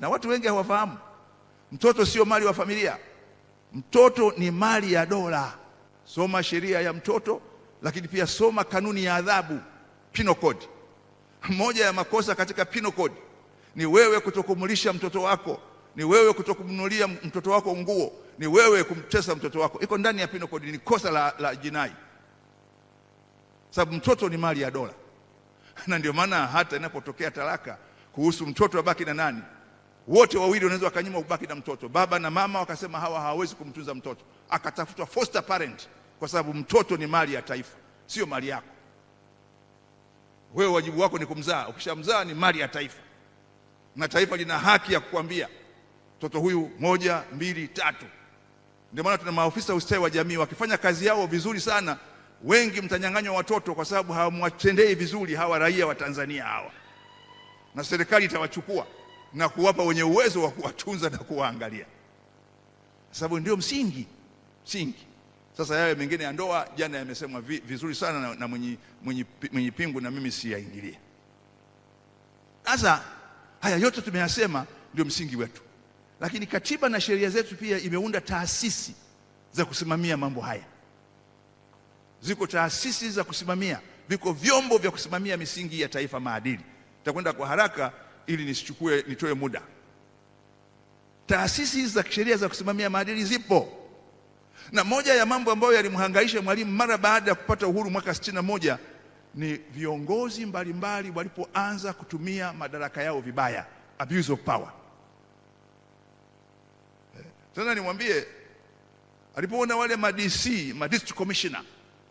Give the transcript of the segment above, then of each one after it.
Na watu wengi hawafahamu, mtoto sio mali wa familia, mtoto ni mali ya dola. Soma sheria ya mtoto, lakini pia soma kanuni ya adhabu penal code. Moja ya makosa katika penal code ni wewe kutokumlisha mtoto wako, ni wewe kutokumnunulia mtoto wako nguo, ni wewe kumtesa mtoto wako. Iko ndani ya penal code, ni kosa la, la jinai, sababu mtoto ni mali ya dola, na ndio maana hata inapotokea talaka kuhusu mtoto abaki na nani? wote wawili wanaweza wakanyima ubaki na mtoto, baba na mama wakasema hawa hawawezi kumtunza mtoto, akatafutwa foster parent, kwa sababu mtoto ni mali ya taifa, sio mali yako wewe. Wajibu wako ni kumzaa, ukishamzaa ni mali ya taifa, na taifa lina haki ya kukwambia mtoto huyu moja, mbili, tatu. Ndio maana tuna maafisa ustawi wa jamii, wakifanya kazi yao vizuri sana, wengi mtanyang'anywa watoto, kwa sababu hawamwatendei vizuri hawa raia wa Tanzania hawa, na serikali itawachukua na kuwapa wenye uwezo wa kuwatunza na kuwaangalia, sababu ndio msingi msingi. Sasa yayo mengine ya ndoa jana yamesemwa vizuri sana na, na mwenye, mwenye, mwenye pingu na mimi siyaingilie. Sasa haya yote tumeyasema, ndio msingi wetu, lakini katiba na sheria zetu pia imeunda taasisi za kusimamia mambo haya. Ziko taasisi za kusimamia, viko vyombo vya kusimamia misingi ya taifa, maadili. Takwenda kwa haraka ili nisichukue nitoe muda. Taasisi za kisheria za kusimamia maadili zipo, na moja ya mambo ambayo yalimhangaisha Mwalimu mara baada ya kupata uhuru mwaka sitini na moja ni viongozi mbalimbali walipoanza kutumia madaraka yao vibaya, abuse of power. Tena nimwambie alipoona wale ma DC ma district commissioner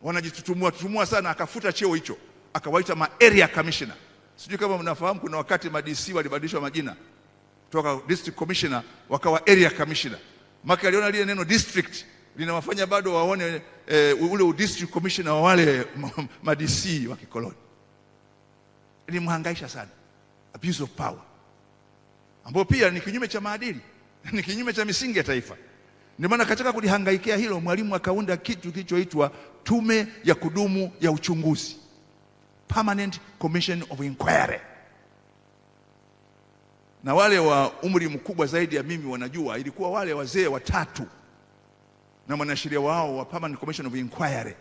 wanajitutumua tutumua sana, akafuta cheo hicho akawaita ma area commissioner. Sijui kama mnafahamu kuna wakati ma-DC walibadilishwa majina toka district commissioner wakawa area commissioner. Maka aliona lile neno district linawafanya bado waone e, ule district commissioner wa wale ma-DC wa kikoloni. Ilimhangaisha sana, abuse of power, Ambapo pia ni kinyume cha maadili ni kinyume cha misingi ya taifa. Ni maana katika kulihangaikia hilo, Mwalimu akaunda kitu kilichoitwa Tume ya Kudumu ya Uchunguzi permanent commission of inquiry. Na wale wa umri mkubwa zaidi ya mimi wanajua, ilikuwa wale wazee watatu na mwanasheria wao wa permanent commission of inquiry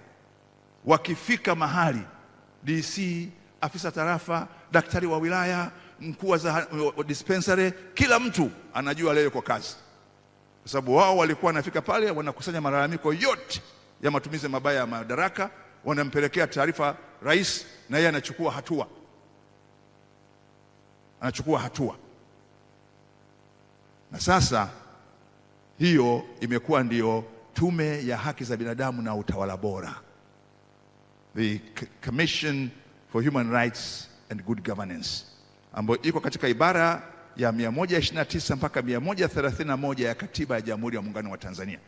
wakifika mahali, DC, afisa tarafa, daktari wa wilaya, mkuu wa dispensary, kila mtu anajua leo kwa kazi, kwa sababu wao walikuwa wanafika pale wanakusanya malalamiko yote ya matumizi mabaya ya madaraka wanampelekea taarifa rais, na yeye anachukua hatua, anachukua hatua. Na sasa hiyo imekuwa ndiyo Tume ya Haki za Binadamu na Utawala Bora, the Commission for Human Rights and Good Governance, ambayo iko katika ibara ya 129 mpaka 131 ya Katiba ya Jamhuri ya Muungano wa Tanzania.